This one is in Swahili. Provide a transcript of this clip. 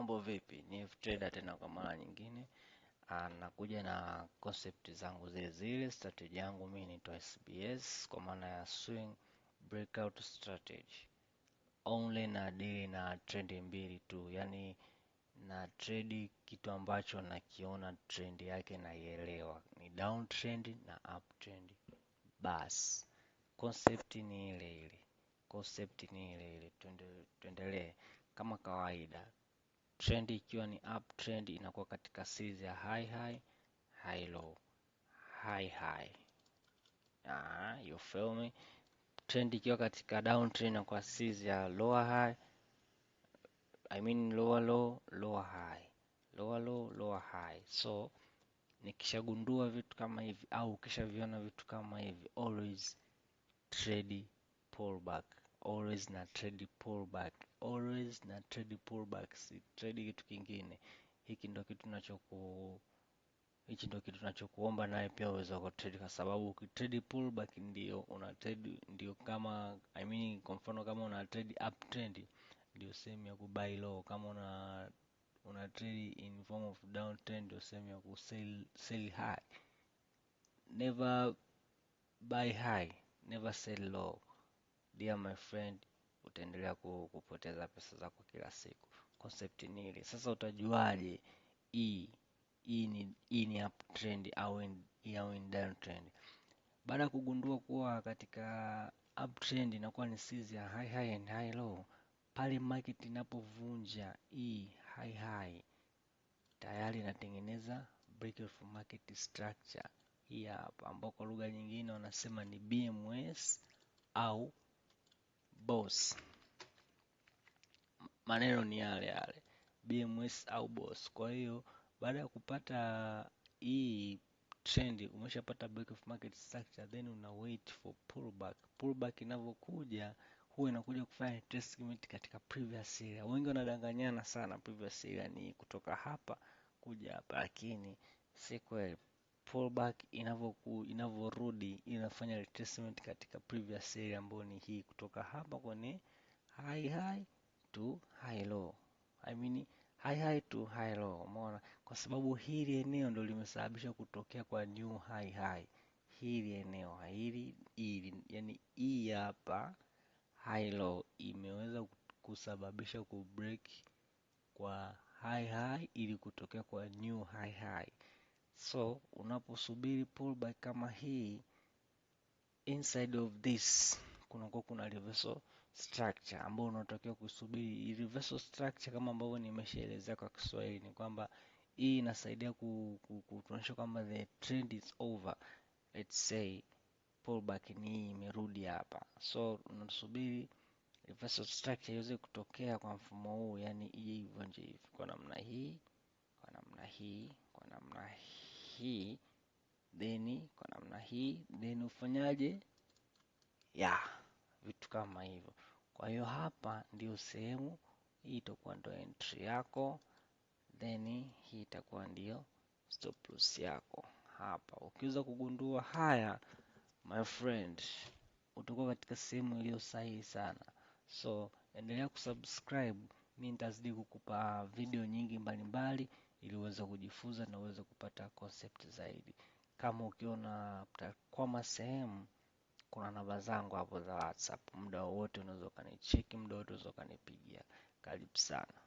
mambo vipi ni Trader tena kwa mara nyingine ah, nakuja na concept zangu zile zile strategy yangu mimi ni SBS kwa maana ya swing breakout strategy only na deal na trend mbili tu yani na trade kitu ambacho nakiona trend yake naielewa ni down trend na up trend bas concept ni ile ile concept ni ile ile tuendelee kama kawaida Trend ikiwa ni up trend inakuwa katika series ya high high, high low, high high. Ah, you feel me? Trend ikiwa katika down trend inakuwa series ya lower high, I mean lower low, lower high, lower low, lower high. So nikishagundua vitu kama hivi au ukishaviona vitu kama hivi, always trade pullback always na trade pullback, always na trade pullback, si trade kitu kingine. Hiki ndo kitu nachoku hichi ndo kitu tunachokuomba naye pia uweze kutrade, kwa sababu ukitrade pullback ndio una trade, ndio kama I mean, kwa mfano kama una trade uptrend ndio sehemu ya kubuy low, kama una una trade in form of downtrend ndio sehemu ya ku sell, sell high. Never buy high, never sell low. Dear my friend, utaendelea kupoteza pesa zako kila siku. Concept ni ile. Sasa utajuaje hii hii ni hii ni uptrend au in, au in downtrend? Baada ya kugundua kuwa katika uptrend inakuwa ni season ya high high and high low, pale market inapovunja hii high high tayari inatengeneza break of market structure hii hapa, ambao kwa lugha nyingine wanasema ni BMS au boss maneno ni yale yale BMS au boss. Kwa hiyo baada ya kupata hii trend, umeshapata break of market structure, then una wait for pullback. Pullback inavyokuja huwa inakuja kufanya retracement katika previous area. Wengi wanadanganyana sana, previous area ni kutoka hapa kuja hapa, lakini si kweli pullback inavyoku inavyorudi inafanya retracement katika previous area ambayo ni hii kutoka hapa kwenye high high to high low I mean high high to high low. Umeona, kwa sababu hili eneo ndio limesababisha kutokea kwa new high high. Hili eneo hili hili, yani hii hapa high low imeweza kusababisha ku break kwa high high ili kutokea kwa new high high. So unaposubiri pullback kama hii, inside of this kunakuwa kuna reversal structure ambayo unatakiwa kusubiri. Reversal structure kama ambavyo nimeshaelezea kwa Kiswahili ni kwamba hii inasaidia kutuonyesha kwamba the trend is over, let's say pullback ni hii imerudi hapa, so unasubiri reversal structure iweze kutokea kwa mfumo huu, yani ije ivunje hivi kwa namna hii, kwa namna hii, kwa namna hii hii then kwa namna hii then ufanyaje ya yeah, vitu kama hivyo. Kwa hiyo hapa ndio sehemu hii itakuwa ndio entry yako, then hii itakuwa ndio stop loss yako hapa. Ukiweza kugundua haya, my friend, utakuwa katika sehemu iliyo sahihi sana. So endelea kusubscribe, mimi nitazidi kukupa video nyingi mbalimbali mbali ili uweze kujifunza na uweze kupata concept zaidi. Kama ukiona utakwama sehemu, kuna namba zangu hapo za WhatsApp, muda wowote unaweza ukanicheki, muda wote unaweza ukanipigia. Karibu sana.